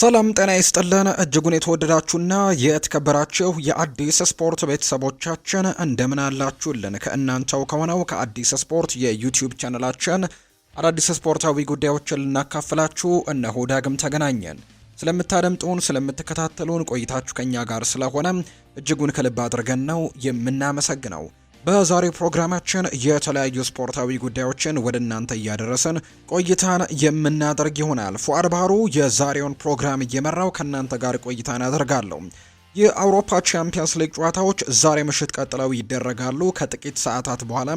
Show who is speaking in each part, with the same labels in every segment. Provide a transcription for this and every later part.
Speaker 1: ሰላም ጤና ይስጥልን እጅጉን የተወደዳችሁና የተከበራችሁ የአዲስ ስፖርት ቤተሰቦቻችን እንደምን አላችሁልን? ከእናንተው ከሆነው ከአዲስ ስፖርት የዩቲዩብ ቻነላችን አዳዲስ ስፖርታዊ ጉዳዮችን ልናካፍላችሁ እነሆ ዳግም ተገናኘን። ስለምታደምጡን፣ ስለምትከታተሉን ቆይታችሁ ከኛ ጋር ስለሆነ እጅጉን ከልብ አድርገን ነው የምናመሰግነው። በዛሬው ፕሮግራማችን የተለያዩ ስፖርታዊ ጉዳዮችን ወደ እናንተ እያደረሰን ቆይታን የምናደርግ ይሆናል። ፉአድ ባህሩ የዛሬውን ፕሮግራም እየመራው ከእናንተ ጋር ቆይታን አደርጋለሁ። የአውሮፓ ቻምፒየንስ ሊግ ጨዋታዎች ዛሬ ምሽት ቀጥለው ይደረጋሉ። ከጥቂት ሰዓታት በኋላ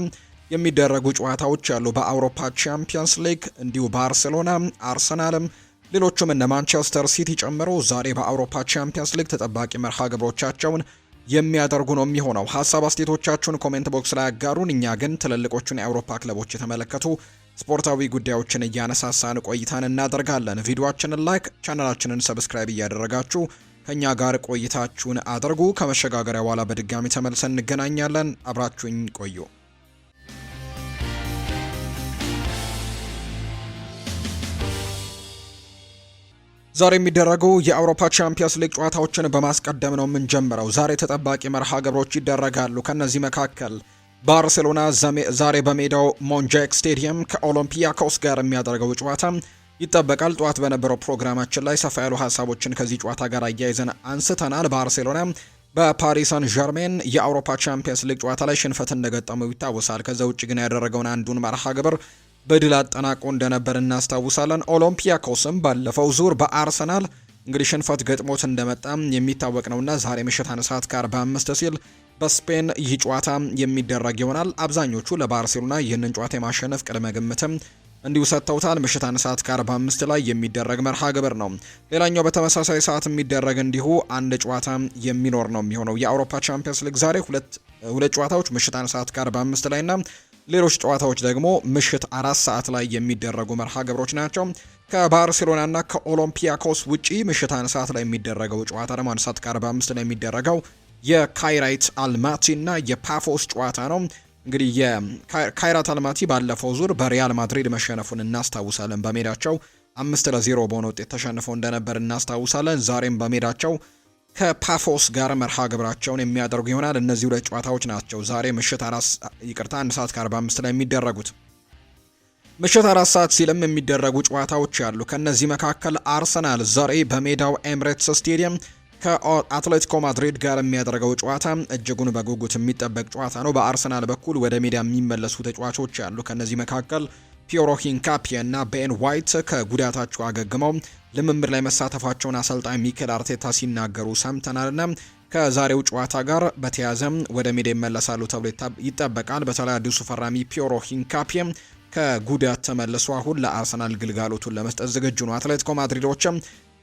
Speaker 1: የሚደረጉ ጨዋታዎች አሉ። በአውሮፓ ቻምፒየንስ ሊግ እንዲሁ ባርሴሎና፣ አርሰናልም ሌሎቹም እነ ማንቸስተር ሲቲ ጨምሮ ዛሬ በአውሮፓ ቻምፒየንስ ሊግ ተጠባቂ መርሃ ግብሮቻቸውን የሚያደርጉ ነው የሚሆነው። ሀሳብ አስቴቶቻችሁን ኮሜንት ቦክስ ላይ አጋሩን እኛ ግን ትልልቆቹን የአውሮፓ ክለቦች የተመለከቱ ስፖርታዊ ጉዳዮችን እያነሳሳን ቆይታን እናደርጋለን። ቪዲዮችንን ላይክ፣ ቻናላችንን ሰብስክራይብ እያደረጋችሁ ከእኛ ጋር ቆይታችሁን አድርጉ። ከመሸጋገሪያ በኋላ በድጋሚ ተመልሰን እንገናኛለን። አብራችሁኝ ቆዩ። ዛሬ የሚደረጉ የአውሮፓ ቻምፒየንስ ሊግ ጨዋታዎችን በማስቀደም ነው የምንጀምረው። ዛሬ ተጠባቂ መርሃ ግብሮች ይደረጋሉ። ከእነዚህ መካከል ባርሴሎና ዛሬ በሜዳው ሞንጃክ ስቴዲየም ከኦሎምፒያኮስ ጋር የሚያደርገው ጨዋታ ይጠበቃል። ጠዋት በነበረው ፕሮግራማችን ላይ ሰፋ ያሉ ሀሳቦችን ከዚህ ጨዋታ ጋር አያይዘን አንስተናል። ባርሴሎና በፓሪስ ሰን ዠርሜን የአውሮፓ ቻምፒየንስ ሊግ ጨዋታ ላይ ሽንፈት እንደገጠመው ይታወሳል። ከዛ ውጭ ግን ያደረገውን አንዱን መርሃ ግብር በድል አጠናቆ እንደነበር እናስታውሳለን። ኦሎምፒያኮስም ባለፈው ዙር በአርሰናል እንግዲህ ሽንፈት ገጥሞት እንደመጣ የሚታወቅ ነውና ዛሬ ምሽት አንድ ሰዓት ከ45 ሲል በስፔን ይህ ጨዋታ የሚደረግ ይሆናል። አብዛኞቹ ለባርሴሎና ይህንን ጨዋታ የማሸነፍ ቅድመ ግምትም እንዲሁ ሰጥተውታል። ምሽት አንድ ሰዓት ከ45 ላይ የሚደረግ መርሃ ግብር ነው። ሌላኛው በተመሳሳይ ሰዓት የሚደረግ እንዲሁ አንድ ጨዋታ የሚኖር ነው የሚሆነው የአውሮፓ ቻምፒየንስ ሊግ ዛሬ ሁለት ሁለት ጨዋታዎች ምሽት አንድ ሰዓት ከ ላይ ና ሌሎች ጨዋታዎች ደግሞ ምሽት አራት ሰዓት ላይ የሚደረጉ መርሃ ግብሮች ናቸው። ከባርሴሎናና ከኦሎምፒያኮስ ውጪ ምሽት አንድ ሰዓት ላይ የሚደረገው ጨዋታ ደግሞ አንድ ሰዓት ከ አምስት ላይ የሚደረገው አልማቲ አልማቲና የፓፎስ ጨዋታ ነው። እንግዲህ የካይራት አልማቲ ባለፈው ዙር በሪያል ማድሪድ መሸነፉን እናስታውሳለን። በሜዳቸው አምስት ለዜሮ በሆነ ውጤት ተሸንፈው እንደነበር እናስታውሳለን። ዛሬም በሜዳቸው ከፓፎስ ጋር መርሃ ግብራቸውን የሚያደርጉ ይሆናል። እነዚህ ሁለት ጨዋታዎች ናቸው ዛሬ ምሽት አራት ይቅርታ አንድ ሰዓት 45 ላይ የሚደረጉት ምሽት አራት ሰዓት ሲልም የሚደረጉ ጨዋታዎች ያሉ ከእነዚህ መካከል አርሰናል ዛሬ በሜዳው ኤምሬትስ ስቴዲየም ከአትሌቲኮ ማድሪድ ጋር የሚያደርገው ጨዋታ እጅጉን በጉጉት የሚጠበቅ ጨዋታ ነው። በአርሰናል በኩል ወደ ሜዳ የሚመለሱ ተጫዋቾች ያሉ ከእነዚህ መካከል ፒዮሮ ሂንካፒየ እና ቤን ዋይት ከጉዳታቸው አገግመው ልምምድ ላይ መሳተፋቸውን አሰልጣኝ ሚኬል አርቴታ ሲናገሩ ሰምተናልና ከዛሬው ጨዋታ ጋር በተያያዘም ወደ ሜዳ ይመለሳሉ ተብሎ ይጠበቃል። በተለይ አዲሱ ፈራሚ ፒዮሮ ሂንካፒየ ከጉዳት ተመልሶ አሁን ለአርሰናል ግልጋሎቱን ለመስጠት ዝግጁ ነው። አትሌቲኮ ማድሪዶችም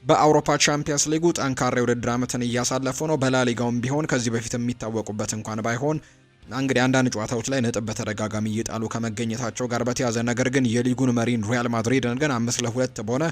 Speaker 1: በአውሮፓ ቻምፒየንስ ሊጉ ጠንካራ የውድድር ዓመትን እያሳለፉ ነው። በላሊጋውም ቢሆን ከዚህ በፊት የሚታወቁበት እንኳን ባይሆን እንግዲህ አንዳንድ ጨዋታዎች ላይ ነጥብ በተደጋጋሚ እየጣሉ ከመገኘታቸው ጋር በተያዘ ነገር ግን የሊጉን መሪን ሪያል ማድሪድን ግን አምስት ለሁለት በሆነ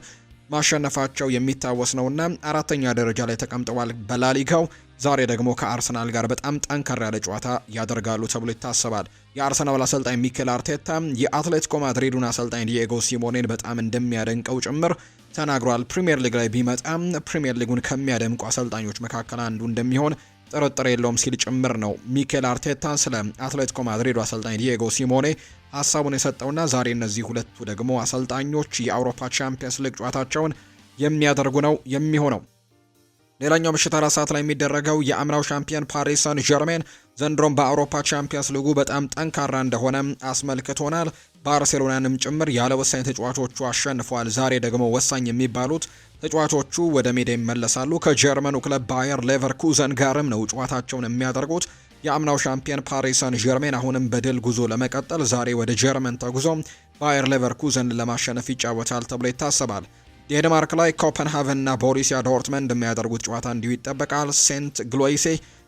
Speaker 1: ማሸነፋቸው የሚታወስ ነውና አራተኛ ደረጃ ላይ ተቀምጠዋል። በላሊጋው ዛሬ ደግሞ ከአርሰናል ጋር በጣም ጠንከር ያለ ጨዋታ ያደርጋሉ ተብሎ ይታሰባል። የአርሰናል አሰልጣኝ ሚኬል አርቴታ የአትሌቲኮ ማድሪዱን አሰልጣኝ ዲየጎ ሲሞኔን በጣም እንደሚያደንቀው ጭምር ተናግሯል። ፕሪምየር ሊግ ላይ ቢመጣም ፕሪምየር ሊጉን ከሚያደምቁ አሰልጣኞች መካከል አንዱ እንደሚሆን ጥርጥር የለውም ሲል ጭምር ነው ሚኬል አርቴታ ስለ አትሌቲኮ ማድሪድ አሰልጣኝ ዲየጎ ሲሞኔ ሀሳቡን የሰጠውና ዛሬ እነዚህ ሁለቱ ደግሞ አሰልጣኞች የአውሮፓ ቻምፒየንስ ሊግ ጨዋታቸውን የሚያደርጉ ነው የሚሆነው። ሌላኛው ምሽት አራት ሰዓት ላይ የሚደረገው የአምናው ሻምፒየን ፓሪስ ሳን ጀርሜን ዘንድሮም በአውሮፓ ቻምፒየንስ ሊጉ በጣም ጠንካራ እንደሆነ አስመልክቶናል። ባርሴሎናንም ጭምር ያለ ወሳኝ ተጫዋቾቹ አሸንፈዋል። ዛሬ ደግሞ ወሳኝ የሚባሉት ተጫዋቾቹ ወደ ሜዳ ይመለሳሉ። ከጀርመኑ ክለብ ባየር ሌቨርኩዘን ጋርም ነው ጨዋታቸውን የሚያደርጉት። የአምናው ሻምፒየን ፓሪስ ሳን አሁንም በድል ጉዞ ለመቀጠል ዛሬ ወደ ጀርመን ተጉዞ ባየር ሌቨርኩዘን ለማሸነፍ ይጫወታል ተብሎ ይታሰባል። ዴንማርክ ላይ ኮፐንሃቨንና ቦሪሲያ ዶርትመንድ የሚያደርጉት ጨዋታ እንዲሁ ይጠበቃል። ሴንት ግሎይሴ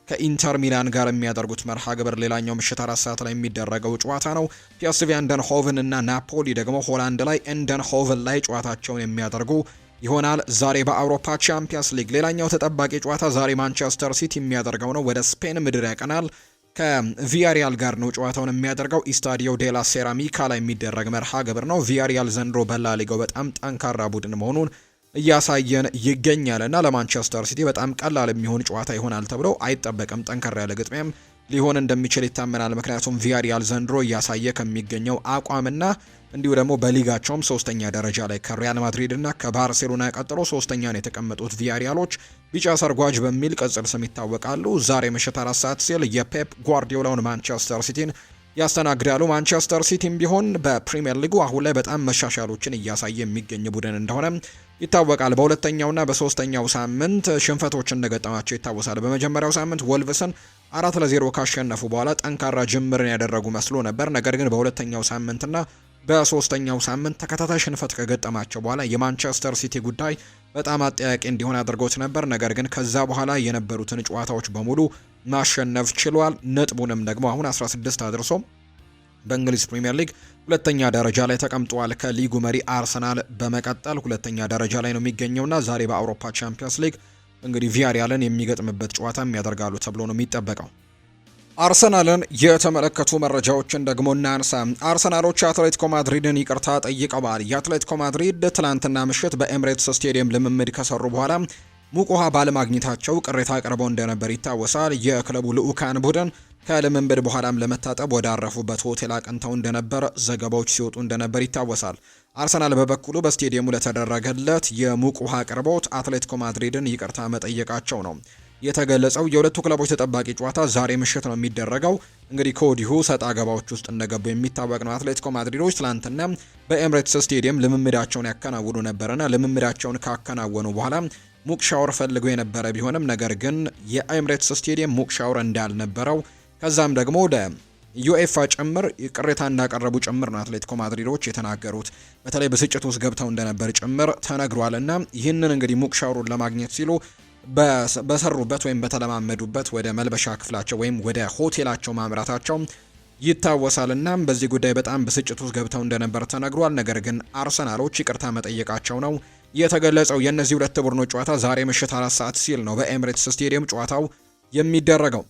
Speaker 1: ከኢንተር ሚላን ጋር የሚያደርጉት መርሃ ግብር ሌላኛው ምሽት አራት ሰዓት ላይ የሚደረገው ጨዋታ ነው። ፒስቪ አንደንሆቨን እና ናፖሊ ደግሞ ሆላንድ ላይ እንደንሆቨን ላይ ጨዋታቸውን የሚያደርጉ ይሆናል። ዛሬ በአውሮፓ ቻምፒየንስ ሊግ ሌላኛው ተጠባቂ ጨዋታ ዛሬ ማንቸስተር ሲቲ የሚያደርገው ነው። ወደ ስፔን ምድር ያቀናል። ከቪያሪያል ጋር ነው ጨዋታውን የሚያደርገው። ኢስታዲዮ ዴላ ሴራሚካ ላይ የሚደረግ መርሃ ግብር ነው። ቪያሪያል ዘንድሮ በላሊጋው በጣም ጠንካራ ቡድን መሆኑን እያሳየን ይገኛልና ለማንቸስተር ሲቲ በጣም ቀላል የሚሆን ጨዋታ ይሆናል ተብሎ አይጠበቅም። ጠንከር ያለ ግጥሚያም ሊሆን እንደሚችል ይታመናል። ምክንያቱም ቪያሪያል ዘንድሮ እያሳየ ከሚገኘው አቋምና እንዲሁ ደግሞ በሊጋቸውም ሶስተኛ ደረጃ ላይ ከሪያል ማድሪድ እና ከባርሴሎና ቀጥሎ ሶስተኛ ነው የተቀመጡት ቪያሪያሎች። ቢጫ ሰርጓጅ በሚል ቅጽል ስም ይታወቃሉ። ዛሬ ምሽት አራት ሰዓት ሲል የፔፕ ጓርዲዮላውን ማንቸስተር ሲቲን ያስተናግዳሉ። ማንቸስተር ሲቲም ቢሆን በፕሪምየር ሊጉ አሁን ላይ በጣም መሻሻሎችን እያሳየ የሚገኝ ቡድን እንደሆነ ይታወቃል። በሁለተኛውና በሶስተኛው ሳምንት ሽንፈቶች እንደገጠማቸው ይታወሳል። በመጀመሪያው ሳምንት ወልቭስን አራት ለዜሮ ካሸነፉ በኋላ ጠንካራ ጅምርን ያደረጉ መስሎ ነበር። ነገር ግን በሁለተኛው ሳምንትና በሶስተኛው ሳምንት ተከታታይ ሽንፈት ከገጠማቸው በኋላ የማንቸስተር ሲቲ ጉዳይ በጣም አጠያቂ እንዲሆን አድርጎት ነበር። ነገር ግን ከዛ በኋላ የነበሩትን ጨዋታዎች በሙሉ ማሸነፍ ችሏል። ነጥቡንም ደግሞ አሁን 16 አድርሶ በእንግሊዝ ፕሪምየር ሊግ ሁለተኛ ደረጃ ላይ ተቀምጧል። ከሊጉ መሪ አርሰናል በመቀጠል ሁለተኛ ደረጃ ላይ ነው የሚገኘውና ዛሬ በአውሮፓ ቻምፒየንስ ሊግ እንግዲህ ቪያሪያልን የሚገጥምበት ጨዋታም ያደርጋሉ ተብሎ ነው የሚጠበቀው። አርሰናልን የተመለከቱ መረጃዎችን ደግሞ እናንሳ። አርሰናሎች አትሌቲኮ ማድሪድን ይቅርታ ጠይቀዋል። የአትሌቲኮ ማድሪድ ትላንትና ምሽት በኤምሬትስ ስቴዲየም ልምምድ ከሰሩ በኋላ ሙቁሃ ባለማግኘታቸው ቅሬታ አቅርበው እንደነበር ይታወሳል። የክለቡ ልዑካን ቡድን ከልምምድ በኋላም ለመታጠብ ወደ አረፉበት ሆቴል አቅንተው እንደነበር ዘገባዎች ሲወጡ እንደነበር ይታወሳል። አርሰናል በበኩሉ በስቴዲየሙ ለተደረገለት የሙቅ ውሃ አቅርቦት አትሌቲኮ ማድሪድን ይቅርታ መጠየቃቸው ነው የተገለጸው። የሁለቱ ክለቦች ተጠባቂ ጨዋታ ዛሬ ምሽት ነው የሚደረገው። እንግዲህ ከወዲሁ ሰጣ ገባዎች ውስጥ እንደገቡ የሚታወቅ ነው። አትሌቲኮ ማድሪዶች ትላንትና በኤምሬትስ ስቴዲየም ልምምዳቸውን ያከናውኑ ነበርና ልምምዳቸውን ካከናወኑ በኋላ ሙቅ ሻወር ፈልገው የነበረ ቢሆንም ነገር ግን የኤምሬትስ ስቴዲየም ሙቅ ሻወር እንዳልነበረው ከዛም ደግሞ ወደ ዩኤፋ ጭምር ቅሬታ እንዳቀረቡ ጭምር ነው አትሌቲኮ ማድሪዶች የተናገሩት። በተለይ ብስጭት ውስጥ ገብተው እንደነበር ጭምር ተነግሯል። እና ይህንን እንግዲህ ሙክሻሩን ለማግኘት ሲሉ በሰሩበት ወይም በተለማመዱበት ወደ መልበሻ ክፍላቸው ወይም ወደ ሆቴላቸው ማምራታቸው ይታወሳል። እናም በዚህ ጉዳይ በጣም ብስጭት ውስጥ ገብተው እንደነበር ተነግሯል። ነገር ግን አርሰናሎች ይቅርታ መጠየቃቸው ነው የተገለጸው። የእነዚህ ሁለት ቡድኖች ጨዋታ ዛሬ ምሽት አራት ሰዓት ሲል ነው በኤምሬትስ ስቴዲየም ጨዋታው የሚደረገው።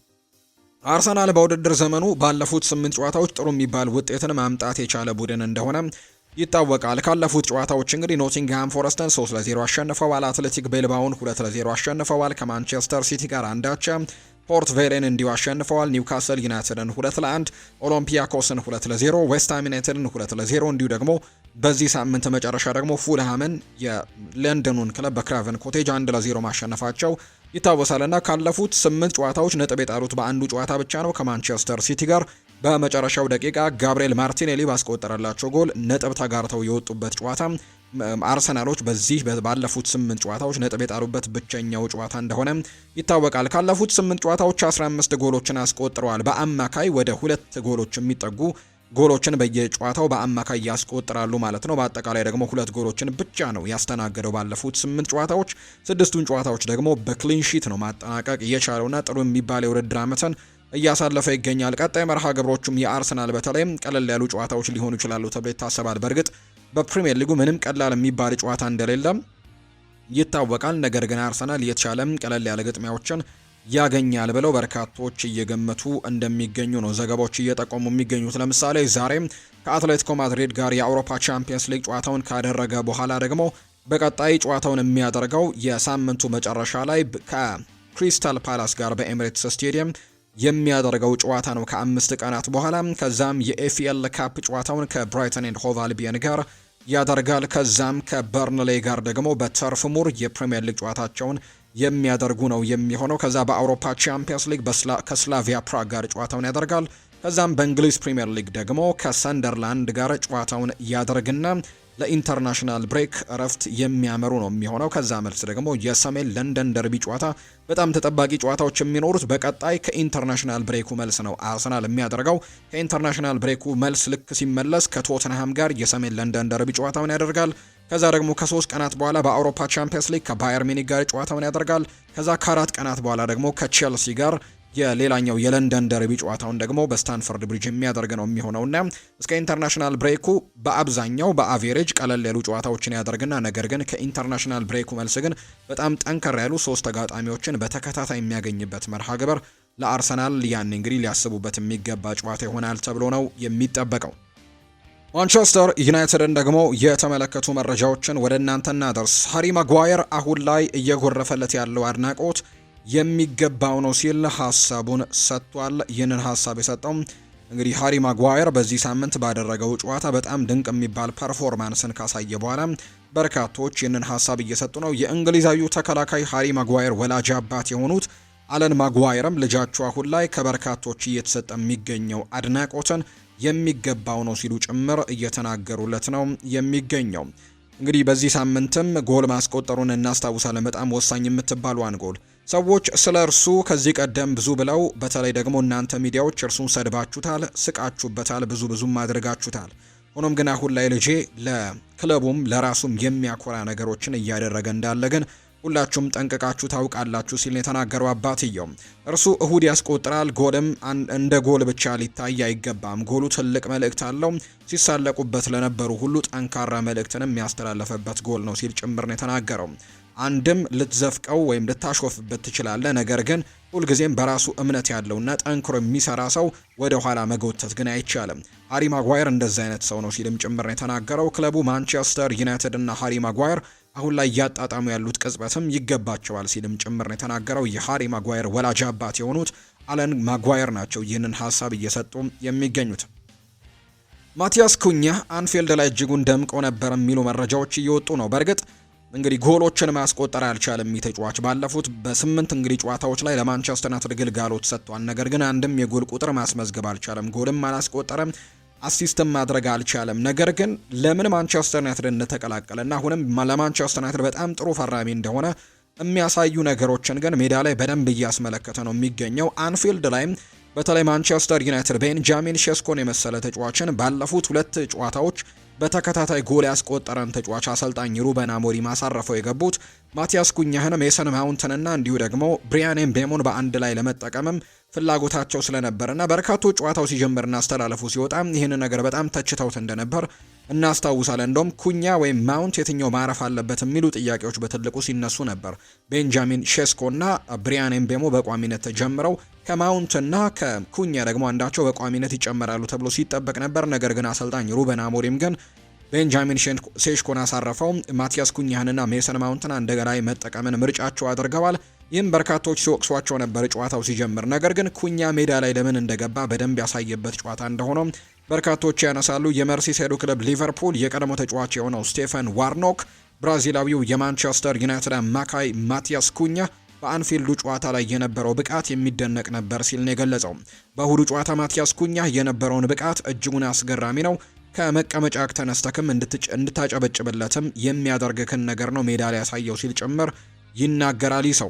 Speaker 1: አርሰናል በውድድር ዘመኑ ባለፉት ስምንት ጨዋታዎች ጥሩ የሚባል ውጤትን ማምጣት የቻለ ቡድን እንደሆነ ይታወቃል። ካለፉት ጨዋታዎች እንግዲህ ኖቲንግሃም ፎረስትን 3 ለ0 አሸንፈዋል። አትሌቲክ ቤልባውን 2 ለ0 አሸንፈዋል። ከማንቸስተር ሲቲ ጋር አንዳቸ ፖርት ቬሌን እንዲሁ አሸንፈዋል። ኒውካስል ዩናይትድን ሁለት ለአንድ፣ ኦሎምፒያኮስን ሁለት ለዜሮ፣ ዌስትሃም ዩናይትድን ሁለት ለዜሮ እንዲሁ ደግሞ በዚህ ሳምንት መጨረሻ ደግሞ ፉልሃምን የለንደኑን ክለብ በክራቨን ኮቴጅ አንድ ለዜሮ ማሸነፋቸው ይታወሳልና ካለፉት ስምንት ጨዋታዎች ነጥብ የጣሉት በአንዱ ጨዋታ ብቻ ነው ከማንቸስተር ሲቲ ጋር በመጨረሻው ደቂቃ ጋብርኤል ማርቲኔሊ ባስቆጠረላቸው ጎል ነጥብ ተጋርተው የወጡበት ጨዋታ አርሰናሎች በዚህ ባለፉት ስምንት ጨዋታዎች ነጥብ የጣሉበት ብቸኛው ጨዋታ እንደሆነ ይታወቃል። ካለፉት ስምንት ጨዋታዎች 15 ጎሎችን አስቆጥረዋል። በአማካይ ወደ ሁለት ጎሎች የሚጠጉ ጎሎችን በየጨዋታው በአማካይ ያስቆጥራሉ ማለት ነው። በአጠቃላይ ደግሞ ሁለት ጎሎችን ብቻ ነው ያስተናገደው ባለፉት ስምንት ጨዋታዎች። ስድስቱን ጨዋታዎች ደግሞ በክሊንሺት ነው ማጠናቀቅ እየቻለውና ጥሩ የሚባል የውድድር ዓመትን እያሳለፈ ይገኛል። ቀጣይ መርሃ ግብሮቹም የአርሰናል በተለይም ቀለል ያሉ ጨዋታዎች ሊሆኑ ይችላሉ ተብሎ ይታሰባል። በእርግጥ በፕሪምየር ሊጉ ምንም ቀላል የሚባል ጨዋታ እንደሌለም ይታወቃል። ነገር ግን አርሰናል የተሻለም ቀለል ያለ ግጥሚያዎችን ያገኛል ብለው በርካቶች እየገመቱ እንደሚገኙ ነው ዘገባዎች እየጠቆሙ የሚገኙት። ለምሳሌ ዛሬም ከአትሌቲኮ ማድሪድ ጋር የአውሮፓ ቻምፒየንስ ሊግ ጨዋታውን ካደረገ በኋላ ደግሞ በቀጣይ ጨዋታውን የሚያደርገው የሳምንቱ መጨረሻ ላይ ከክሪስታል ፓላስ ጋር በኤሚሬትስ ስቴዲየም የሚያደርገው ጨዋታ ነው ከአምስት ቀናት በኋላ። ከዛም የኤፍኤል ካፕ ጨዋታውን ከብራይተን ኤንድ ሆቭ አልቢየን ጋር ያደርጋል። ከዛም ከበርንሌይ ጋር ደግሞ በተርፍ ሙር የፕሪምየር ሊግ ጨዋታቸውን የሚያደርጉ ነው የሚሆነው። ከዛ በአውሮፓ ቻምፒየንስ ሊግ ከስላቪያ ፕራግ ጋር ጨዋታውን ያደርጋል። ከዛም በእንግሊዝ ፕሪምየር ሊግ ደግሞ ከሰንደርላንድ ጋር ጨዋታውን ያደርግና ለኢንተርናሽናል ብሬክ እረፍት የሚያመሩ ነው የሚሆነው። ከዛ መልስ ደግሞ የሰሜን ለንደን ደርቢ ጨዋታ በጣም ተጠባቂ ጨዋታዎች የሚኖሩት በቀጣይ ከኢንተርናሽናል ብሬኩ መልስ ነው አርሰናል የሚያደርገው። ከኢንተርናሽናል ብሬኩ መልስ ልክ ሲመለስ ከቶተንሃም ጋር የሰሜን ለንደን ደርቢ ጨዋታውን ያደርጋል። ከዛ ደግሞ ከሶስት ቀናት በኋላ በአውሮፓ ቻምፒየንስ ሊግ ከባየር ሚኒክ ጋር ጨዋታውን ያደርጋል። ከዛ ከአራት ቀናት በኋላ ደግሞ ከቼልሲ ጋር የሌላኛው የለንደን ደርቢ ጨዋታውን ደግሞ በስታንፈርድ ብሪጅ የሚያደርግ ነው የሚሆነውና እስከ ኢንተርናሽናል ብሬኩ በአብዛኛው በአቬሬጅ ቀለል ያሉ ጨዋታዎችን ያደርግና ነገር ግን ከኢንተርናሽናል ብሬኩ መልስ ግን በጣም ጠንከር ያሉ ሶስት ተጋጣሚዎችን በተከታታይ የሚያገኝበት መርሃ ግብር ለአርሰናል ያን እንግዲህ ሊያስቡበት የሚገባ ጨዋታ ይሆናል ተብሎ ነው የሚጠበቀው። ማንቸስተር ዩናይትድን ደግሞ የተመለከቱ መረጃዎችን ወደ እናንተ እናደርስ። ሃሪ ማጓየር አሁን ላይ እየጎረፈለት ያለው አድናቆት የሚገባው ነው ሲል ሀሳቡን ሰጥቷል። ይህንን ሀሳብ የሰጠው እንግዲህ ሃሪ ማጓየር በዚህ ሳምንት ባደረገው ጨዋታ በጣም ድንቅ የሚባል ፐርፎርማንስን ካሳየ በኋላ በርካቶች ይህንን ሀሳብ እየሰጡ ነው። የእንግሊዛዊ ተከላካይ ሃሪ ማጓየር ወላጅ አባት የሆኑት አለን ማጓየርም ልጃቸው አሁን ላይ ከበርካቶች እየተሰጠ የሚገኘው አድናቆትን የሚገባው ነው ሲሉ ጭምር እየተናገሩለት ነው የሚገኘው። እንግዲህ በዚህ ሳምንትም ጎል ማስቆጠሩን እናስታውሳለን። በጣም ወሳኝ የምትባል ዋን ጎል ሰዎች ስለ እርሱ ከዚህ ቀደም ብዙ ብለው፣ በተለይ ደግሞ እናንተ ሚዲያዎች እርሱን ሰድባችሁታል፣ ስቃችሁበታል፣ ብዙ ብዙም አድርጋችሁታል። ሆኖም ግን አሁን ላይ ልጄ ለክለቡም ለራሱም የሚያኮራ ነገሮችን እያደረገ እንዳለ ግን ሁላችሁም ጠንቅቃችሁ ታውቃላችሁ ሲል የተናገረው አባትየው እርሱ እሁድ ያስቆጥራል፣ ጎልም እንደ ጎል ብቻ ሊታይ አይገባም። ጎሉ ትልቅ መልእክት አለው። ሲሳለቁበት ለነበሩ ሁሉ ጠንካራ መልእክትንም ያስተላለፈበት ጎል ነው ሲል ጭምር ነው የተናገረው። አንድም ልትዘፍቀው ወይም ልታሾፍበት ትችላለህ። ነገር ግን ሁልጊዜም በራሱ እምነት ያለውና ጠንክሮ የሚሰራ ሰው ወደ ኋላ መጎተት ግን አይቻልም። ሃሪ ማጓየር እንደዚህ አይነት ሰው ነው ሲልም ጭምር የተናገረው። ክለቡ ማንቸስተር ዩናይትድ እና ሃሪ ማጓየር አሁን ላይ እያጣጣሙ ያሉት ቅጽበትም ይገባቸዋል ሲልም ጭምር ነው የተናገረው። የሃሪ ማጓየር ወላጅ አባት የሆኑት አለን ማጓየር ናቸው ይህንን ሀሳብ እየሰጡ የሚገኙት። ማቲያስ ኩኛ አንፊልድ ላይ እጅጉን ደምቆ ነበር የሚሉ መረጃዎች እየወጡ ነው። በእርግጥ እንግዲህ ጎሎችን ማስቆጠር አልቻለም። ተጫዋች ባለፉት በስምንት እንግዲህ ጨዋታዎች ላይ ለማንቸስተር ዩናይትድ ግልጋሎት ሰጥቷል። ነገር ግን አንድም የጎል ቁጥር ማስመዝገብ አልቻለም። ጎልም አላስቆጠረም። አሲስትም ማድረግ አልቻለም። ነገር ግን ለምን ማንቸስተር ዩናይትድ እንደተቀላቀለና አሁንም ለማንቸስተር ዩናይትድ በጣም ጥሩ ፈራሚ እንደሆነ የሚያሳዩ ነገሮችን ግን ሜዳ ላይ በደንብ እያስመለከተ ነው የሚገኘው። አንፊልድ ላይም በተለይ ማንቸስተር ዩናይትድ ቤንጃሚን ሼስኮን የመሰለ ተጫዋችን ባለፉት ሁለት ጨዋታዎች በተከታታይ ጎል ያስቆጠረን ተጫዋች አሰልጣኝ ሩበን አሞሪ አሳረፈው የገቡት ማቲያስ ኩኛህን ሜሰን ማውንትንና እንዲሁ ደግሞ ብሪያን ኤምቤሞን በአንድ ላይ ለመጠቀምም ፍላጎታቸው ስለነበርና በርካቶ ጨዋታው ሲጀምርና አስተላለፉ ሲወጣ ይህን ነገር በጣም ተችተውት እንደነበር እናስታውሳለን። እንደውም ኩኛ ወይም ማውንት የትኛው ማረፍ አለበት የሚሉ ጥያቄዎች በትልቁ ሲነሱ ነበር። ቤንጃሚን ሼስኮ እና ብሪያን ኤምቤሞ በቋሚነት ተጀምረው ከማውንትና ከኩኛ ደግሞ አንዳቸው በቋሚነት ይጨመራሉ ተብሎ ሲጠበቅ ነበር። ነገር ግን አሰልጣኝ ሩበን አሞሪም ግን ቤንጃሚን ሴሽኮን አሳረፈው። ማቲያስ ኩኛህንና ሜሰን ማውንትን እንደገና መጠቀምን ምርጫቸው አድርገዋል። ይህም በርካቶች ሲወቅሷቸው ነበር ጨዋታው ሲጀምር። ነገር ግን ኩኛ ሜዳ ላይ ለምን እንደገባ በደንብ ያሳየበት ጨዋታ እንደሆነም በርካቶች ያነሳሉ። የመርሲሳይዱ ክለብ ሊቨርፑል የቀድሞ ተጫዋች የሆነው ስቴፈን ዋርኖክ፣ ብራዚላዊው የማንቸስተር ዩናይትድ አማካይ ማቲያስ ኩኛ በአንፊልዱ ጨዋታ ላይ የነበረው ብቃት የሚደነቅ ነበር ሲል ነው የገለጸው። በእሁዱ ጨዋታ ማቲያስ ኩኛ የነበረውን ብቃት እጅጉን አስገራሚ ነው። ከመቀመጫ ተነስተክም እንድታጨበጭብለትም የሚያደርግክን ነገር ነው ሜዳ ላይ ያሳየው ሲል ጭምር ይናገራል። ይሰው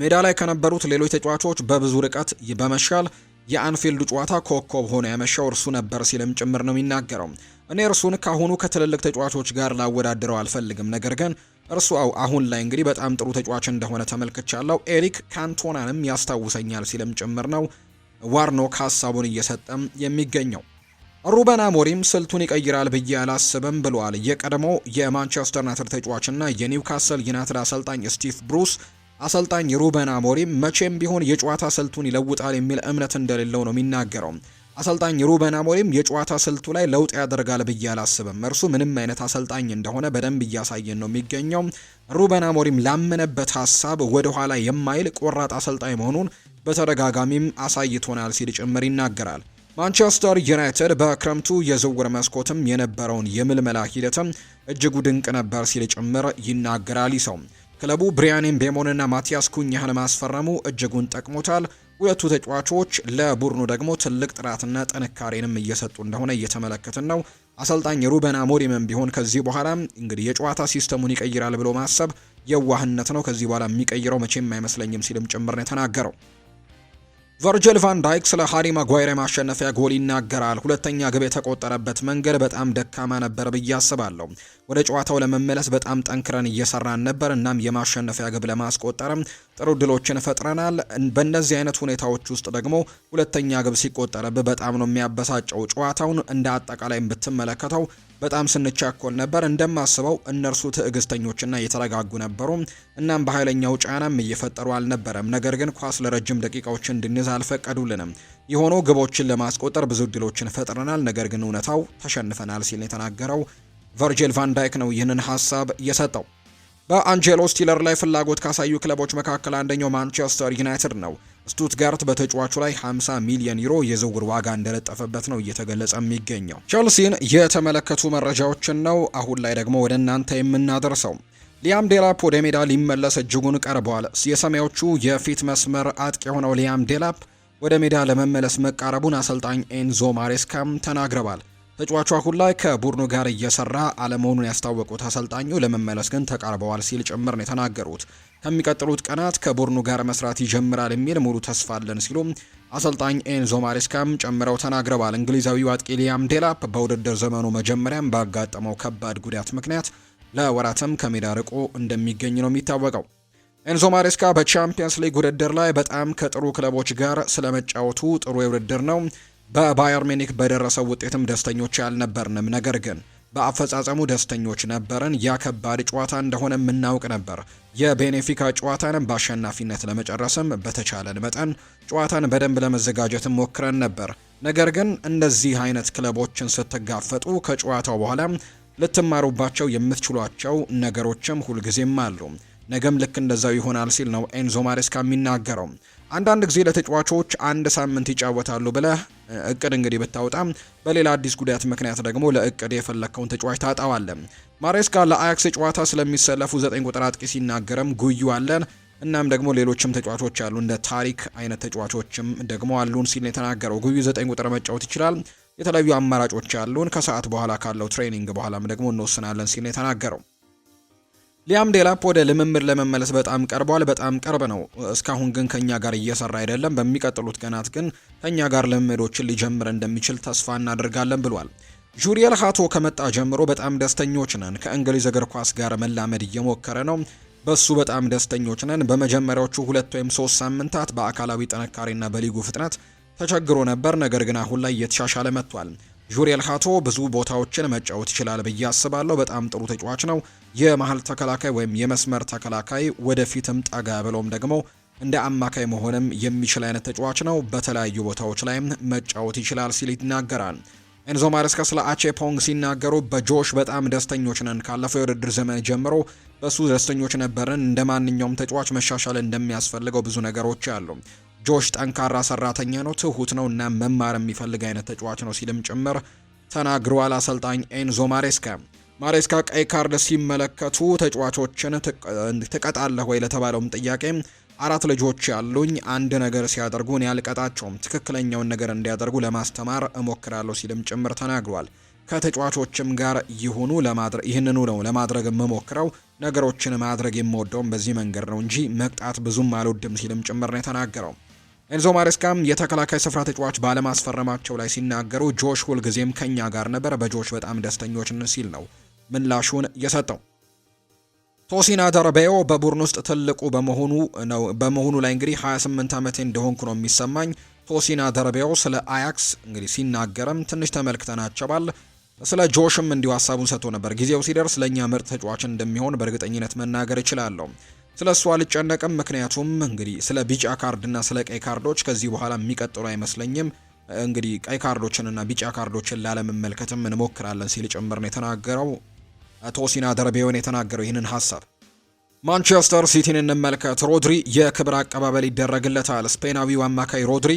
Speaker 1: ሜዳ ላይ ከነበሩት ሌሎች ተጫዋቾች በብዙ ርቀት በመሻል የአንፊልዱ ጨዋታ ኮከብ ሆኖ ያመሻው እርሱ ነበር ሲልም ጭምር ነው የሚናገረው። እኔ እርሱን ካሁኑ ከትልልቅ ተጫዋቾች ጋር ላወዳድረው አልፈልግም፣ ነገር ግን እርሱ አሁን ላይ እንግዲህ በጣም ጥሩ ተጫዋች እንደሆነ ተመልክቻለሁ። ኤሪክ ካንቶናንም ያስታውሰኛል ሲልም ጭምር ነው ዋርኖክ ሀሳቡን እየሰጠም የሚገኘው። ሩበን አሞሪም ስልቱን ይቀይራል ብዬ አላስብም ብሏል። የቀድሞ የማንቸስተር ዩናይትድ ተጫዋችና የኒውካስል ዩናይትድ አሰልጣኝ ስቲቭ ብሩስ አሰልጣኝ ሩበን አሞሪም መቼም ቢሆን የጨዋታ ስልቱን ይለውጣል የሚል እምነት እንደሌለው ነው የሚናገረው። አሰልጣኝ ሩበን አሞሪም የጨዋታ ስልቱ ላይ ለውጥ ያደርጋል ብዬ አላስብም። እርሱ ምንም አይነት አሰልጣኝ እንደሆነ በደንብ እያሳየን ነው የሚገኘው። ሩበን አሞሪም ላመነበት ሀሳብ ወደኋላ የማይል ቆራጥ አሰልጣኝ መሆኑን በተደጋጋሚም አሳይቶናል ሲል ጭምር ይናገራል። ማንቸስተር ዩናይትድ በክረምቱ የዝውውር መስኮትም የነበረውን የምልመላ ሂደትም እጅጉ ድንቅ ነበር ሲል ጭምር ይናገራል ይሰው ክለቡ ብሪያን ምቤሞንና ማቲያስ ኩኛህን ማስፈረሙ እጅጉን ጠቅሞታል። ሁለቱ ተጫዋቾች ለቡድኑ ደግሞ ትልቅ ጥራትና ጥንካሬንም እየሰጡ እንደሆነ እየተመለከትን ነው። አሰልጣኝ ሩበን አሞሪምም ቢሆን ከዚህ በኋላ እንግዲህ የጨዋታ ሲስተሙን ይቀይራል ብሎ ማሰብ የዋህነት ነው። ከዚህ በኋላ የሚቀይረው መቼም አይመስለኝም ሲልም ጭምር ነው የተናገረው። ቨርጅል ቫን ዳይክ ስለ ሃሪ ማጓይር የማሸነፊያ ጎል ይናገራል። ሁለተኛ ግብ የተቆጠረበት መንገድ በጣም ደካማ ነበር ብዬ አስባለሁ። ወደ ጨዋታው ለመመለስ በጣም ጠንክረን እየሰራን ነበር። እናም የማሸነፊያ ግብ ለማስቆጠርም ጥሩ ድሎችን ፈጥረናል። በእነዚህ አይነት ሁኔታዎች ውስጥ ደግሞ ሁለተኛ ግብ ሲቆጠረብ በጣም ነው የሚያበሳጨው። ጨዋታውን እንደ አጠቃላይ ብትመለከተው በጣም ስንቻኮል ነበር። እንደማስበው እነርሱ ትዕግስተኞችና የተረጋጉ ነበሩ። እናም በኃይለኛው ጫናም እየፈጠሩ አልነበረም። ነገር ግን ኳስ ለረጅም ደቂቃዎች እንድንይዝ አልፈቀዱልንም። የሆኑ ግቦችን ለማስቆጠር ብዙ እድሎችን ፈጥረናል። ነገር ግን እውነታው ተሸንፈናል ሲል የተናገረው ቨርጂል ቫንዳይክ ነው ይህንን ሀሳብ የሰጠው። በአንጀሎ ስቲለር ላይ ፍላጎት ካሳዩ ክለቦች መካከል አንደኛው ማንቸስተር ዩናይትድ ነው። ስቱትጋርት በተጫዋቹ ላይ 50 ሚሊዮን ዩሮ የዝውውር ዋጋ እንደለጠፈበት ነው እየተገለጸ የሚገኘው። ቸልሲን የተመለከቱ መረጃዎችን ነው አሁን ላይ ደግሞ ወደ እናንተ የምናደርሰው። ሊያም ዴላፕ ወደ ሜዳ ሊመለስ እጅጉን ቀርበዋል። የሰማያዊዎቹ የፊት መስመር አጥቂ የሆነው ሊያም ዴላፕ ወደ ሜዳ ለመመለስ መቃረቡን አሰልጣኝ ኤንዞ ማሬስካም ተናግረዋል። ተጫዋቹ አሁን ላይ ከቡድኑ ጋር እየሰራ አለመሆኑን ያስታወቁት አሰልጣኙ ለመመለስ ግን ተቃርበዋል ሲል ጭምር ነው የተናገሩት። ከሚቀጥሉት ቀናት ከቡድኑ ጋር መስራት ይጀምራል የሚል ሙሉ ተስፋ አለን ሲሉ አሰልጣኝ ኤንዞ ማሬስካም ጨምረው ተናግረዋል። እንግሊዛዊው አጥቂ ሊያም ዴላፕ በውድድር ዘመኑ መጀመሪያም ባጋጠመው ከባድ ጉዳት ምክንያት ለወራትም ከሜዳ ርቆ እንደሚገኝ ነው የሚታወቀው። ኤንዞ ማሬስካ በቻምፒየንስ ሊግ ውድድር ላይ በጣም ከጥሩ ክለቦች ጋር ስለመጫወቱ ጥሩ የውድድር ነው በባየር ሚኒክ በደረሰው ውጤትም ደስተኞች አልነበርንም፣ ነገር ግን በአፈጻጸሙ ደስተኞች ነበርን። ያ ከባድ ጨዋታ እንደሆነ የምናውቅ ነበር። የቤኔፊካ ጨዋታንም በአሸናፊነት ለመጨረስም በተቻለን መጠን ጨዋታን በደንብ ለመዘጋጀትም ሞክረን ነበር። ነገር ግን እንደዚህ አይነት ክለቦችን ስትጋፈጡ ከጨዋታው በኋላ ልትማሩባቸው የምትችሏቸው ነገሮችም ሁልጊዜም አሉ። ነገም ልክ እንደዛው ይሆናል ሲል ነው ኤንዞ ማሬስካ የሚናገረው። አንዳንድ ጊዜ ለተጫዋቾች አንድ ሳምንት ይጫወታሉ ብለህ እቅድ እንግዲህ ብታወጣም በሌላ አዲስ ጉዳት ምክንያት ደግሞ ለእቅድ የፈለግከውን ተጫዋች ታጣዋለ ማሬስካ ለአያክስ ጨዋታ ስለሚሰለፉ ዘጠኝ ቁጥር አጥቂ ሲናገርም ጉዩ አለን እናም ደግሞ ሌሎችም ተጫዋቾች አሉ እንደ ታሪክ አይነት ተጫዋቾችም ደግሞ አሉን ሲል የተናገረው ጉዩ ዘጠኝ ቁጥር መጫወት ይችላል። የተለያዩ አማራጮች አሉን። ከሰዓት በኋላ ካለው ትሬኒንግ በኋላም ደግሞ እንወስናለን ሲል የተናገረው ሊያም ዴላፕ ወደ ልምምድ ለመመለስ በጣም ቀርቧል። በጣም ቅርብ ነው። እስካሁን ግን ከኛ ጋር እየሰራ አይደለም። በሚቀጥሉት ቀናት ግን ከኛ ጋር ልምምዶችን ሊጀምር እንደሚችል ተስፋ እናደርጋለን ብሏል። ጁሪየል ሃቶ ከመጣ ጀምሮ በጣም ደስተኞች ነን። ከእንግሊዝ እግር ኳስ ጋር መላመድ እየሞከረ ነው። በሱ በጣም ደስተኞች ነን። በመጀመሪያዎቹ ሁለት ወይም ሶስት ሳምንታት በአካላዊ ጥንካሬና በሊጉ ፍጥነት ተቸግሮ ነበር። ነገር ግን አሁን ላይ እየተሻሻለ መጥቷል። ዡሪየል ሀቶ ብዙ ቦታዎችን መጫወት ይችላል ብዬ አስባለሁ። በጣም ጥሩ ተጫዋች ነው። የመሀል ተከላካይ ወይም የመስመር ተከላካይ ወደፊትም ጠጋ ብሎም ደግሞ እንደ አማካይ መሆንም የሚችል አይነት ተጫዋች ነው። በተለያዩ ቦታዎች ላይም መጫወት ይችላል ሲል ይናገራል። ኤንዞ ማሬስካ ስለ አቼ ፖንግ ሲናገሩ በጆሽ በጣም ደስተኞች ነን። ካለፈው የውድድር ዘመን ጀምሮ በሱ ደስተኞች ነበርን። እንደ ማንኛውም ተጫዋች መሻሻል እንደሚያስፈልገው ብዙ ነገሮች አሉ። ጆሽ ጠንካራ ሰራተኛ ነው፣ ትሁት ነው እና መማር የሚፈልግ አይነት ተጫዋች ነው ሲልም ጭምር ተናግሯል አሰልጣኝ ኤንዞ ማሬስካ። ማሬስካ ቀይ ካርድ ሲመለከቱ ተጫዋቾችን ትቀጣለህ ወይ ለተባለውም ጥያቄ አራት ልጆች ያሉኝ አንድ ነገር ሲያደርጉ እኔ አልቀጣቸውም፣ ትክክለኛውን ነገር እንዲያደርጉ ለማስተማር እሞክራለሁ ሲልም ጭምር ተናግሯል። ከተጫዋቾችም ጋር ይሁኑ ይህንኑ ነው ለማድረግ የምሞክረው። ነገሮችን ማድረግ የምወደውም በዚህ መንገድ ነው እንጂ መቅጣት ብዙም አልወድም ሲልም ጭምር ነው የተናገረው። ኤንዞ ማሬስካም የተከላካይ ስፍራ ተጫዋች ባለማስፈረማቸው ላይ ሲናገሩ ጆሽ ሁልጊዜም ከኛ ጋር ነበር፣ በጆሽ በጣም ደስተኞች ሲል ነው ምላሹን የሰጠው። ቶሲና አደርቤዮ በቡድን ውስጥ ትልቁ በመሆኑ ነው በመሆኑ ላይ እንግዲህ 28 ዓመቴ እንደሆንኩ ነው የሚሰማኝ። ቶሲና አደርቤዮ ስለ አያክስ እንግዲህ ሲናገርም ትንሽ ተመልክተናቸዋል። ስለ ጆሽም እንዲሁ ሀሳቡን ሰጥቶ ነበር። ጊዜው ሲደርስ ለእኛ ምርጥ ተጫዋች እንደሚሆን በእርግጠኝነት መናገር እችላለሁ። ስለ እሱ አልጨነቅም። ምክንያቱም እንግዲህ ስለ ቢጫ ካርድና ስለ ቀይ ካርዶች ከዚህ በኋላ የሚቀጥሉ አይመስለኝም። እንግዲህ ቀይ ካርዶችንና ቢጫ ካርዶችን ላለመመልከትም እንሞክራለን ሲል ጭምር ነው የተናገረው። ቶሲና ደርቤውን የተናገረው ይህንን ሀሳብ ማንቸስተር ሲቲን እንመልከት። ሮድሪ የክብር አቀባበል ይደረግለታል። ስፔናዊው አማካይ ሮድሪ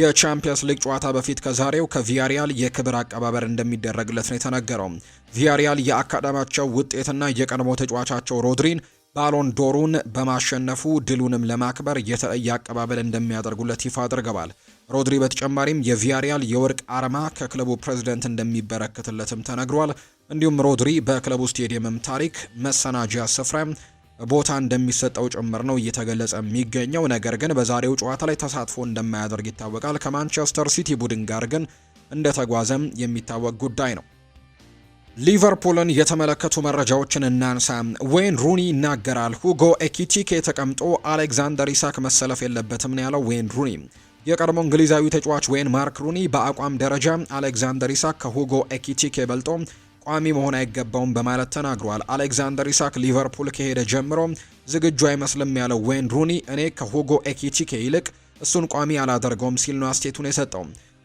Speaker 1: የቻምፒየንስ ሊግ ጨዋታ በፊት ከዛሬው ከቪያሪያል የክብር አቀባበል እንደሚደረግለት ነው የተነገረው። ቪያሪያል የአካዳሚያቸው ውጤትና የቀድሞ ተጫዋቻቸው ሮድሪን ባሎን ዶሩን በማሸነፉ ድሉንም ለማክበር የተለየ አቀባበል እንደሚያደርጉለት ይፋ አድርገዋል። ሮድሪ በተጨማሪም የቪያሪያል የወርቅ አርማ ከክለቡ ፕሬዝደንት እንደሚበረከትለትም ተነግሯል። እንዲሁም ሮድሪ በክለቡ ስቴዲየምም ታሪክ መሰናጃ ስፍራ ቦታ እንደሚሰጠው ጭምር ነው እየተገለጸ የሚገኘው። ነገር ግን በዛሬው ጨዋታ ላይ ተሳትፎ እንደማያደርግ ይታወቃል። ከማንቸስተር ሲቲ ቡድን ጋር ግን እንደተጓዘም የሚታወቅ ጉዳይ ነው። ሊቨርፑልን የተመለከቱ መረጃዎችን እናንሳ። ዌይን ሩኒ ይናገራል። ሁጎ ኤኪቲኬ ተቀምጦ አሌክዛንደር ኢሳክ መሰለፍ የለበትም ነው ያለው ዌይን ሩኒ። የቀድሞ እንግሊዛዊ ተጫዋች ዌይን ማርክ ሩኒ በአቋም ደረጃ አሌክዛንደር ኢሳክ ከሁጎ ኤኪቲኬ በልጦ ቋሚ መሆን አይገባውም በማለት ተናግሯል። አሌክዛንደር ኢሳክ ሊቨርፑል ከሄደ ጀምሮ ዝግጁ አይመስልም ያለው ዌይን ሩኒ እኔ ከሁጎ ኤኪቲኬ ይልቅ እሱን ቋሚ አላደርገውም ሲል ነው አስቴቱን የሰጠው።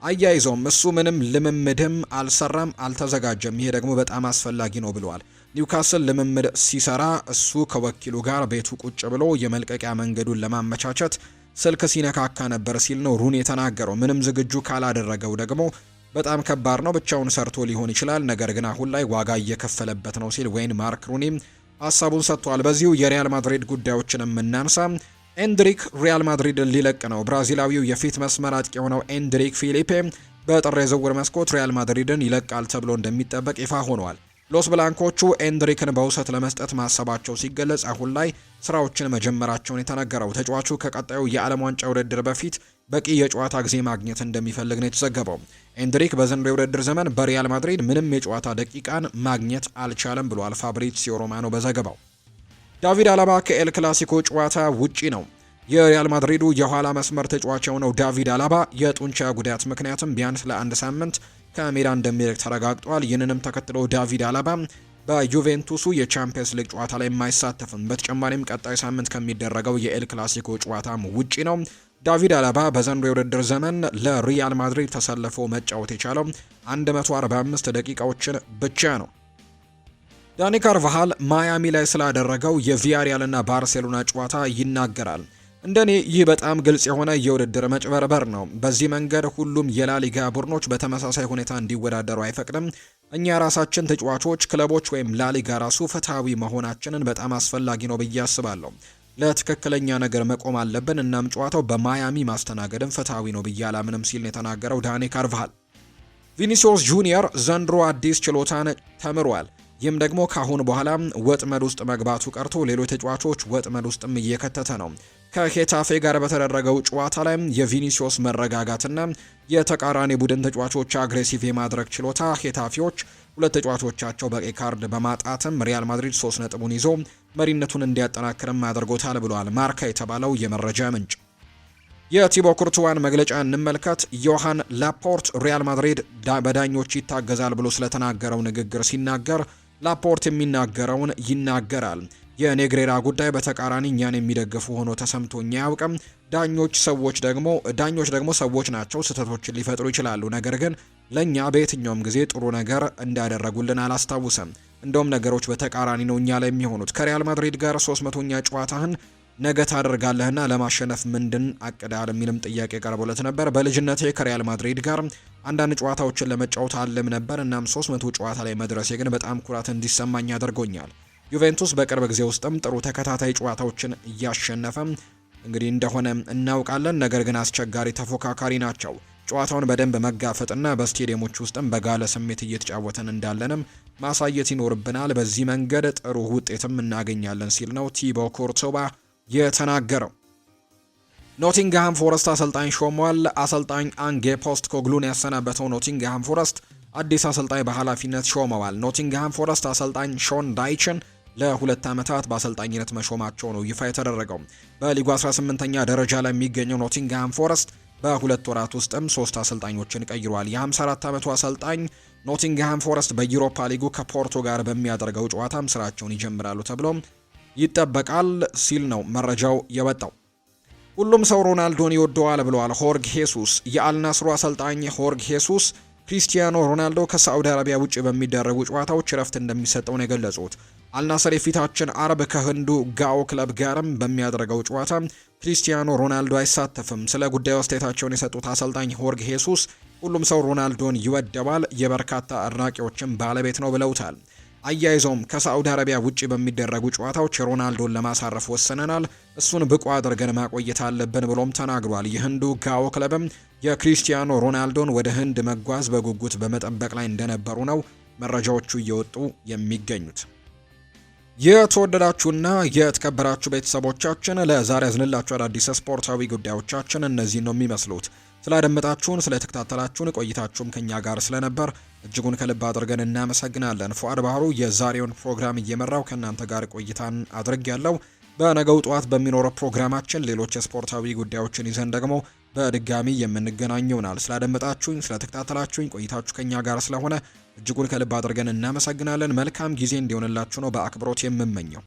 Speaker 1: አያይዘውም እሱ ምንም ልምምድም አልሰራም፣ አልተዘጋጀም፣ ይሄ ደግሞ በጣም አስፈላጊ ነው ብለዋል። ኒውካስል ልምምድ ሲሰራ እሱ ከወኪሉ ጋር ቤቱ ቁጭ ብሎ የመልቀቂያ መንገዱን ለማመቻቸት ስልክ ሲነካካ ነበር ሲል ነው ሩን የተናገረው። ምንም ዝግጁ ካላደረገው ደግሞ በጣም ከባድ ነው። ብቻውን ሰርቶ ሊሆን ይችላል፣ ነገር ግን አሁን ላይ ዋጋ እየከፈለበት ነው ሲል ወይን ማርክ ሩኒም ሀሳቡን ሰጥቷል። በዚሁ የሪያል ማድሪድ ጉዳዮችን የምናንሳ ኤንድሪክ ሪያል ማድሪድን ሊለቅ ነው። ብራዚላዊው የፊት መስመር አጥቂ የሆነው ኤንድሪክ ፊሊፔ በጥር የዝውውር መስኮት ሪያል ማድሪድን ይለቃል ተብሎ እንደሚጠበቅ ይፋ ሆኗል። ሎስ ብላንኮቹ ኤንድሪክን በውሰት ለመስጠት ማሰባቸው ሲገለጽ አሁን ላይ ስራዎችን መጀመራቸውን የተነገረው ተጫዋቹ ከቀጣዩ የዓለም ዋንጫ ውድድር በፊት በቂ የጨዋታ ጊዜ ማግኘት እንደሚፈልግ ነው የተዘገበው። ኤንድሪክ በዘንድሮው የውድድር ዘመን በሪያል ማድሪድ ምንም የጨዋታ ደቂቃን ማግኘት አልቻለም ብሏል ፋብሪዚዮ ሮማኖ በዘገባው። ዳቪድ አላባ ከኤል ክላሲኮ ጨዋታ ውጪ ነው። የሪያል ማድሪዱ የኋላ መስመር ተጫዋች የሆነው ዳቪድ አላባ የጡንቻ ጉዳት ምክንያትም ቢያንስ ለአንድ ሳምንት ከሜዳ እንደሚርቅ ተረጋግጧል። ይህንንም ተከትሎ ዳቪድ አላባ በዩቬንቱሱ የቻምፒየንስ ሊግ ጨዋታ ላይ የማይሳተፍም፣ በተጨማሪም ቀጣይ ሳምንት ከሚደረገው የኤል ክላሲኮ ጨዋታም ውጪ ነው። ዳቪድ አላባ በዘንድሮው የውድድር ዘመን ለሪያል ማድሪድ ተሰልፎ መጫወት የቻለው 145 ደቂቃዎችን ብቻ ነው። ዳኒ ካርቫሃል ማያሚ ላይ ስላደረገው የቪያሪያልና ባርሴሎና ጨዋታ ይናገራል። እንደኔ ይህ በጣም ግልጽ የሆነ የውድድር መጭበርበር ነው። በዚህ መንገድ ሁሉም የላሊጋ ቡድኖች በተመሳሳይ ሁኔታ እንዲወዳደሩ አይፈቅድም። እኛ ራሳችን ተጫዋቾች፣ ክለቦች ወይም ላሊጋ ራሱ ፍትሐዊ መሆናችንን በጣም አስፈላጊ ነው ብዬ አስባለሁ። ለትክክለኛ ነገር መቆም አለብን። እናም ጨዋታው በማያሚ ማስተናገድም ፍትሐዊ ነው ብዬ አላምንም ሲል የተናገረው ዳኒ ካርቫሃል። ቪኒሲዮስ ጁኒየር ዘንድሮ አዲስ ችሎታን ተምሯል። ይህም ደግሞ ከአሁን በኋላ ወጥመድ ውስጥ መግባቱ ቀርቶ ሌሎች ተጫዋቾች ወጥመድ ውስጥም እየከተተ ነው። ከሄታፌ ጋር በተደረገው ጨዋታ ላይ የቪኒሲዮስ መረጋጋትና የተቃራኒ ቡድን ተጫዋቾች አግሬሲቭ የማድረግ ችሎታ ሄታፌዎች ሁለት ተጫዋቾቻቸው በቀይ ካርድ በማጣትም ሪያል ማድሪድ ሶስት ነጥቡን ይዞ መሪነቱን እንዲያጠናክርም አድርጎታል ብሏል ማርካ የተባለው የመረጃ ምንጭ። የቲቦ ኩርቱዋን መግለጫ እንመልከት። ዮሐን ላፖርት ሪያል ማድሪድ በዳኞች ይታገዛል ብሎ ስለተናገረው ንግግር ሲናገር ላፖርት የሚናገረውን ይናገራል። የኔግሬራ ጉዳይ በተቃራኒ እኛን የሚደግፉ ሆኖ ተሰምቶኛ ያውቅም። ዳኞች ሰዎች ደግሞ ዳኞች ደግሞ ሰዎች ናቸው፣ ስህተቶችን ሊፈጥሩ ይችላሉ። ነገር ግን ለእኛ በየትኛውም ጊዜ ጥሩ ነገር እንዳደረጉልን አላስታውሰም። እንደውም ነገሮች በተቃራኒ ነው እኛ ላይ የሚሆኑት። ከሪያል ማድሪድ ጋር 300ኛ ጨዋታህን ነገ ታደርጋለህና ለማሸነፍ ምንድን አቅዳል የሚልም ጥያቄ ቀርቦለት ነበር። በልጅነቴ ከሪያል ማድሪድ ጋር አንዳንድ ጨዋታዎችን ለመጫወት አለም ነበር። እናም 300 ጨዋታ ላይ መድረሴ ግን በጣም ኩራት እንዲሰማኝ ያደርጎኛል። ዩቬንቱስ በቅርብ ጊዜ ውስጥም ጥሩ ተከታታይ ጨዋታዎችን እያሸነፈ እንግዲህ እንደሆነ እናውቃለን። ነገር ግን አስቸጋሪ ተፎካካሪ ናቸው። ጨዋታውን በደንብ መጋፈጥና በስቴዲየሞች ውስጥም በጋለ ስሜት እየተጫወተን እንዳለንም ማሳየት ይኖርብናል። በዚህ መንገድ ጥሩ ውጤትም እናገኛለን ሲል ነው ቲቦ ኮርቶባ የተናገረው። ኖቲንግሃም ፎረስት አሰልጣኝ ሾሟል። አሰልጣኝ አንጌ ፖስት ኮግሉን ያሰናበተው ኖቲንግሃም ፎረስት አዲስ አሰልጣኝ በኃላፊነት ሾመዋል። ኖቲንግሃም ፎረስት አሰልጣኝ ሾን ዳይችን ለሁለት ዓመታት በአሰልጣኝነት መሾማቸው ነው ይፋ የተደረገው። በሊጉ 18ኛ ደረጃ ላይ የሚገኘው ኖቲንግሃም ፎረስት በሁለት ወራት ውስጥም ሶስት አሰልጣኞችን ቀይሯል። የ54 ዓመቱ አሰልጣኝ ኖቲንግሃም ፎረስት በዩሮፓ ሊጉ ከፖርቶ ጋር በሚያደርገው ጨዋታም ስራቸውን ይጀምራሉ ተብሎም ይጠበቃል ሲል ነው መረጃው የወጣው። ሁሉም ሰው ሮናልዶን ይወደዋል ብለዋል ሆርግ ሄሱስ። የአልናስሩ አሰልጣኝ ሆርግ ሄሱስ ክሪስቲያኖ ሮናልዶ ከሳዑዲ አረቢያ ውጭ በሚደረጉ ጨዋታዎች እረፍት እንደሚሰጠው ነው የገለጹት። አልናስር የፊታችን አርብ ከህንዱ ጋኦ ክለብ ጋርም በሚያደርገው ጨዋታ ክሪስቲያኖ ሮናልዶ አይሳተፍም። ስለ ጉዳዩ አስተያየታቸውን የሰጡት አሰልጣኝ ሆርግ ሄሱስ ሁሉም ሰው ሮናልዶን ይወደዋል፣ የበርካታ አድናቂዎችም ባለቤት ነው ብለውታል። አያይዘውም ከሳዑዲ አረቢያ ውጭ በሚደረጉ ጨዋታዎች ሮናልዶን ለማሳረፍ ወሰነናል። እሱን ብቁ አድርገን ማቆየት አለብን ብሎም ተናግሯል። የህንዱ ጋዎ ክለብም የክሪስቲያኖ ሮናልዶን ወደ ህንድ መጓዝ በጉጉት በመጠበቅ ላይ እንደነበሩ ነው መረጃዎቹ እየወጡ የሚገኙት። የተወደዳችሁና የተከበራችሁ ቤተሰቦቻችን ለዛሬ ያዝንላችሁ አዳዲስ ስፖርታዊ ጉዳዮቻችን እነዚህ ነው የሚመስሉት። ስላደመጣችሁን፣ ስለተከታተላችሁን ቆይታችሁም ከኛ ጋር ስለነበር እጅጉን ከልብ አድርገን እናመሰግናለን። ፉአድ ባህሩ የዛሬውን ፕሮግራም እየመራው ከእናንተ ጋር ቆይታን አድርግ ያለው በነገው ጠዋት በሚኖረው ፕሮግራማችን ሌሎች የስፖርታዊ ጉዳዮችን ይዘን ደግሞ በድጋሚ የምንገናኝ ይሆናል። ስላደመጣችሁኝ፣ ስለተከታተላችሁኝ ቆይታችሁ ከኛ ጋር ስለሆነ እጅጉን ከልብ አድርገን እናመሰግናለን። መልካም ጊዜ እንዲሆንላችሁ ነው በአክብሮት የምመኘው።